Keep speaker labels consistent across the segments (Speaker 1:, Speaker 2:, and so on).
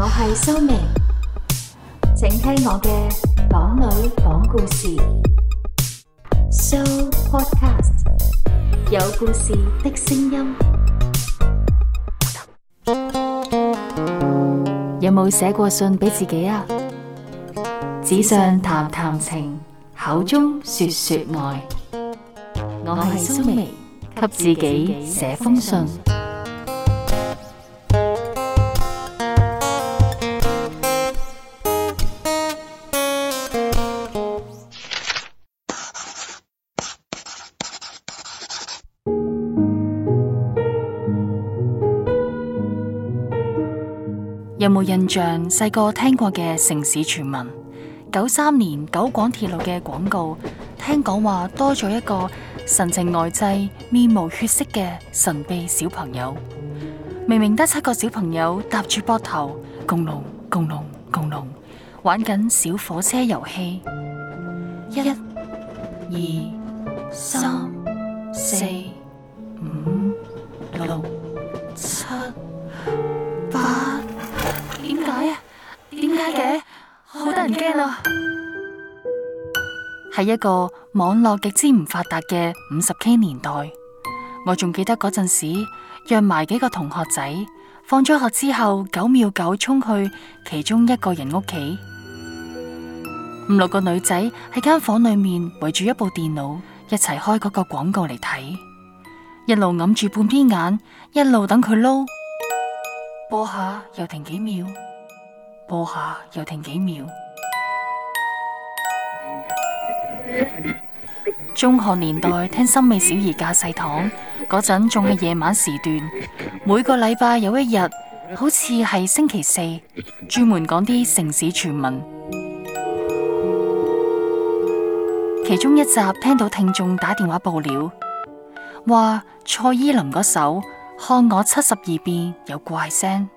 Speaker 1: 我係蘇明，請聽我嘅港女講故事，蘇 Podcast 有故事的聲音。有冇寫過信俾自己啊？紙上談談情，口中說說愛。我係蘇明，給自己寫封信。有冇印象細個聽過嘅城市傳聞？九三年九廣鐵路嘅廣告，聽講話多咗一個神情呆滯、面無血色嘅神秘小朋友。明明得七個小朋友搭住膊頭，共隆共隆共隆，玩緊小火車遊戲。一、二、三、四。喺一個網絡極之唔發達嘅五十 K 年代，我仲記得嗰陣時，約埋幾個同學仔，放咗學之後九秒九沖去其中一個人屋企，五六個女仔喺間房裏面圍住一部電腦，一齊開嗰個廣告嚟睇，一路揞住半邊眼，一路等佢撈，播下又停幾秒，播下又停幾秒。中學年代聽《森美小儀架勢堂》嗰陣，仲係夜晚時段。每個禮拜有一日，好似係星期四，專門講啲城市傳聞。 其中一集聽到聽眾打電話報料，話蔡依林嗰首《看我七十二變》有怪聲，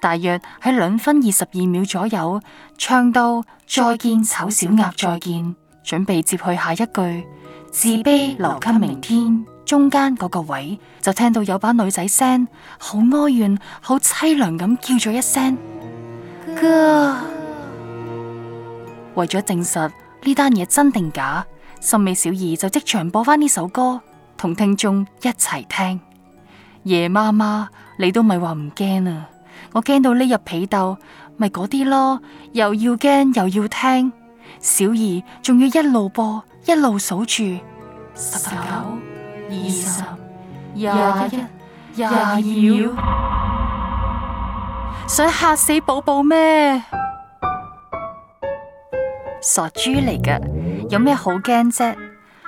Speaker 1: 大約喺兩分二十二秒左右唱到再見醜小鴨，再見，醜小鴨再見準備接去下一句，自卑留給明天。中間嗰個位就聽到有把女仔聲，好哀怨、好淒涼咁叫咗一聲。哥歌，為咗證實呢單嘢真定假，森美小儀就即場播翻呢首歌，同聽眾一齊聽。夜媽媽，你都咪話唔驚啊？我驚到匿入被竇，咪嗰啲咯，又要驚又要聽。小儀仲要一路播一路數住，十九、二十、
Speaker 2: 廿一、廿二,二，
Speaker 1: 想嚇死寶寶咩？傻豬嚟㗎，有咩好驚啫？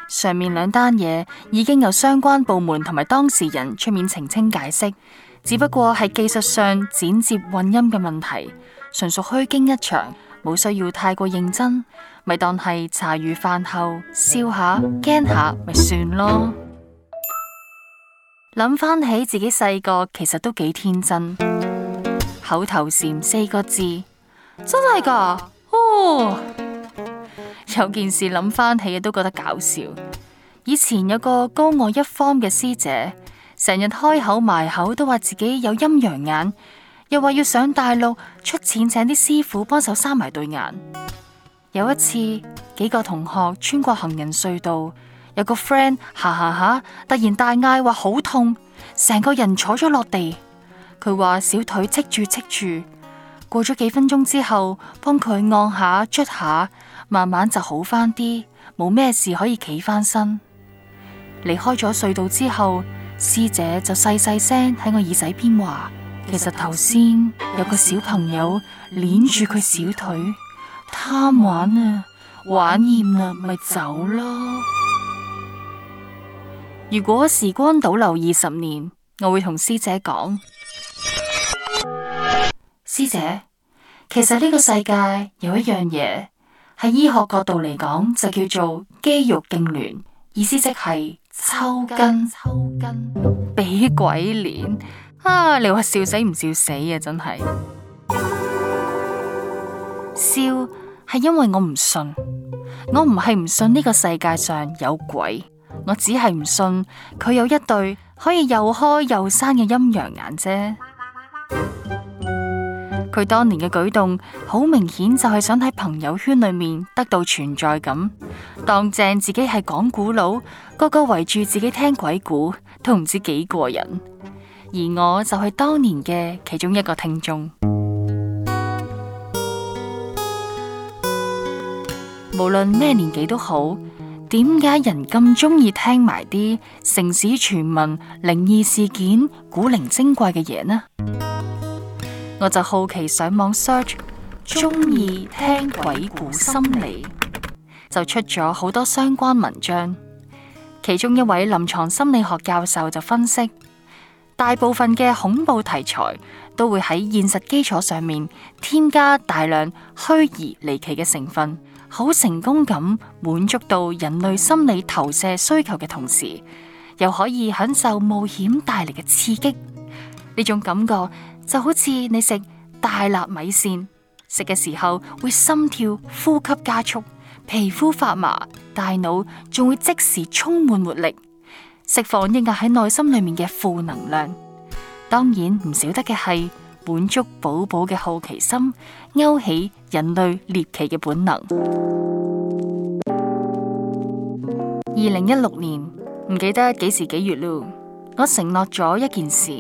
Speaker 1: 上面兩單嘢已經由相關部門同埋當事人出面澄清解釋，只不過係技術上剪接混音嘅問題，純屬虛驚一場。冇需要太過認真，咪當係茶餘飯後笑下驚下咪算咯。諗翻 起自己細個，其實都幾天真。口頭禪四個字，真係噶哦。有件事諗翻起都覺得搞笑。以前有個高我一方嘅師姐，成日開口埋口都話自己有陰陽眼。又話要上大陸出錢請啲師傅幫手閂埋對眼。有一次，幾個同學穿過行人隧道，有個 friend 行行下，突然大嗌，話好痛，成個人坐咗落地。佢話小腿戚住戚住，過咗幾分鐘之後，幫佢按下捽下，慢慢就好翻啲，冇咩事可以企翻身。離開咗隧道之後，師姐就細細聲喺我耳仔邊話。其實頭先有個小朋友捏住佢小腿，貪玩啊，玩厭啦、啊，咪走咯。如果時光倒流二十年，我會同師姐講： 師姐，其實呢個世界有一樣嘢，喺醫學角度嚟講就叫做肌肉痙攣，意思即係抽筋，抽筋，俾鬼捏。啊！你話笑死唔笑死啊！真係笑係因為我唔信，我唔係唔信呢個世界上有鬼，我只係唔信佢有一對可以又開又生嘅陰陽眼啫。佢當年嘅舉動好明顯就係想喺朋友圈裏面得到存在感，當正自己係講古佬，個個圍住自己聽鬼故，都唔知幾過癮。而我就係當年嘅其中一個聽眾。 無論咩年紀都好，點解人咁中意聽埋啲城市傳聞、靈異事件、古靈精怪嘅嘢呢？ 我就好奇上網 search，中意聽鬼故心理， 就出咗好多相關文章。其中一位臨床心理學教授就分析。大部分嘅恐怖題材都會喺現實基礎上面添加大量虛擬離奇嘅成分，好成功咁滿足到人類心理投射需求嘅同時，又可以享受冒險帶嚟嘅刺激。呢種感覺就好似你食大辣米線，食嘅時候會心跳、呼吸加速、皮膚發麻，大腦仲會即時充滿活力。釋放壓抑喺內心裏面嘅負能量，當然唔少得嘅係滿足寶寶嘅好奇心，勾起人類獵奇嘅本能。二零一六年唔記得幾時幾月咯，我承諾咗一件事，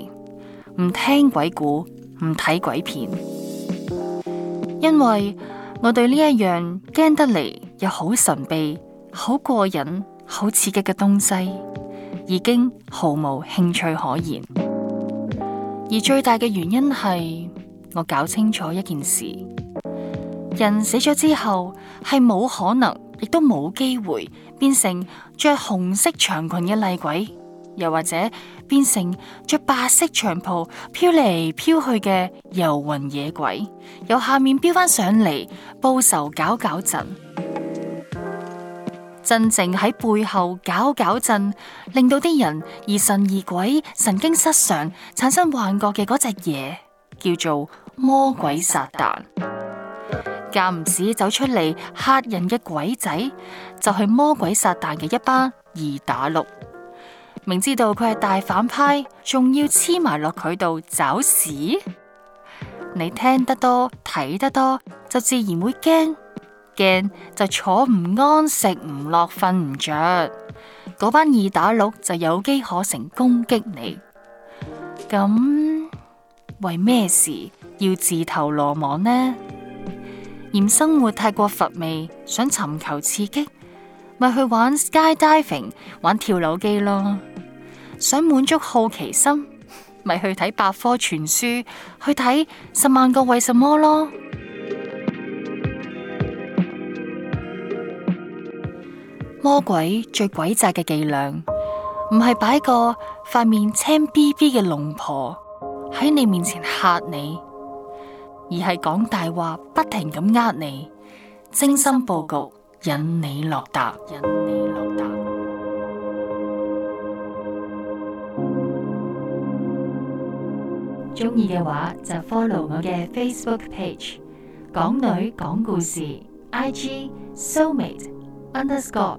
Speaker 1: 唔聽鬼故，唔睇鬼片，因為我對呢一樣驚得嚟又好神秘、好過癮、好刺激嘅東西。已經毫無興趣可言，而最大嘅原因係我搞清楚一件事：人死咗之後係冇可能，亦都冇機會變成着紅色長裙嘅厲鬼，又或者變成着白色長袍飄嚟飄去嘅遊魂野鬼，由下面飄返上嚟報仇搞搞震。真正喺背後搞搞震，令到啲人疑神疑鬼、神經失常、產生幻覺嘅嗰隻嘢，叫做魔鬼撒旦。間唔時走出嚟嚇人嘅鬼仔，就係魔鬼撒旦嘅一班二打六。明知道佢係大反派，仲要黐埋落佢度找屎。你聽得多，睇得多，就自然會驚。驚就坐唔安食唔落瞓唔着，嗰班二打六就有機可乘，攻擊你。咁為咩事要自投羅網呢？嫌生活太過乏味，想尋求刺激，咪去玩 skydiving 玩跳樓機咯。想滿足好奇心，咪去睇百科全書，去睇十萬個為什麼咯。魔鬼最詭詐嘅伎倆，唔係擺個塊面青 B B 嘅龍婆喺你面前嚇你，而係講大話，不停咁呃你，精心布局引你落達。中意嘅話就 follow 我嘅 Facebook page，港女講故事，I G soulmate underscore。